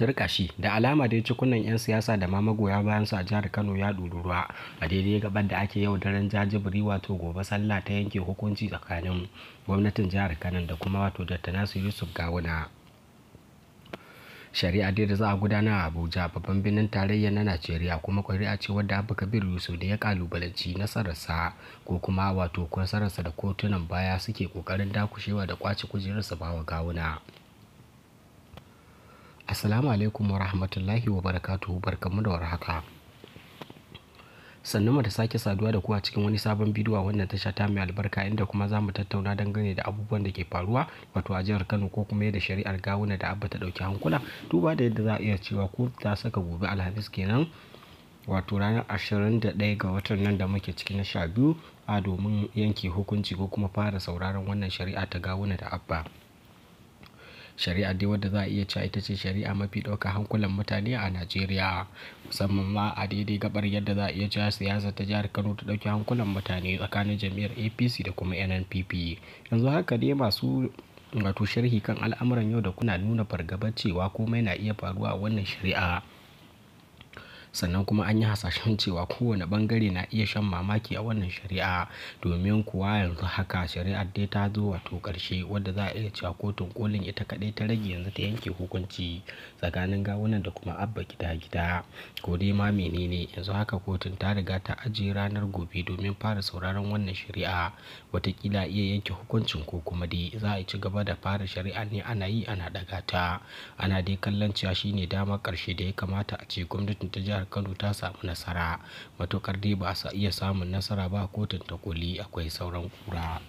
ta rika shi da alama dai cikunan 'yan siyasa da ma magoya bayan su a jihar kano ya ruwa a daidai gabar da ake yau daren jajibiri wato gobe sallah ta yanke hukunci tsakanin gwamnatin jihar kano da kuma wato dattana yusuf gawuna shari'a dai da za a gudanar a abuja babban birnin tarayya na najeriya kuma a ce wadda abu kabir yusuf da ya kalubalanci nasararsa ko kuma wato nasararsa da kotunan baya suke kokarin dakushewa da kwace kujerarsa bawa gawuna Assalamu alaikum wa rahmatullahi wa barakatuhu barkamu da warhaka. Sannu mu da sake saduwa da ku a cikin wani sabon bidiyo a wannan tasha ta mai albarka inda kuma za mu tattauna dangane da abubuwan da ke faruwa wato a jihar Kano ko kuma yadda shari'ar gawuna da abba ta ɗauki hankula duba da yadda za a iya cewa ko ta saka gobe alhamis kenan wato ranar ashirin da ɗaya ga watan nan da muke ciki na sha biyu a domin yanke hukunci ko kuma fara sauraron wannan shari'a ta gawuna da abba. shari'a dai wadda za a iya cewa ita ce shari'a mafi ɗauka hankulan mutane a Najeriya musamman ma a daidai gabar yadda za a iya cewa siyasa ta jihar Kano ta ɗauki hankulan mutane tsakanin jam'iyyar APC da kuma NNPP yanzu haka dai masu wato sharhi kan al'amuran yau da kuna nuna fargabar cewa komai na iya faruwa a wannan shari'a sannan kuma an yi hasashen cewa kowane bangare na iya shan mamaki a wannan shari'a domin kuwa yanzu haka shari'ar dai ta zo wato karshe wadda za a iya cewa kotun kolin ita kaɗai ta rage yanzu ta yanke hukunci tsakanin gawunan da kuma abba gida gida ko dai ma menene yanzu haka kotun ta riga ta ajiye ranar gobe domin fara sauraron wannan shari'a watakila iya yanke hukuncin ko kuma dai za a ci gaba da fara shari'a ne ana yi ana ɗaga ta ana dai kallon cewa shine damar karshe da ya kamata a ce gwamnatin ta jihar jihar kano ta samu nasara matuƙar dai ba a iya samun nasara ba kotun ta koli akwai sauran kura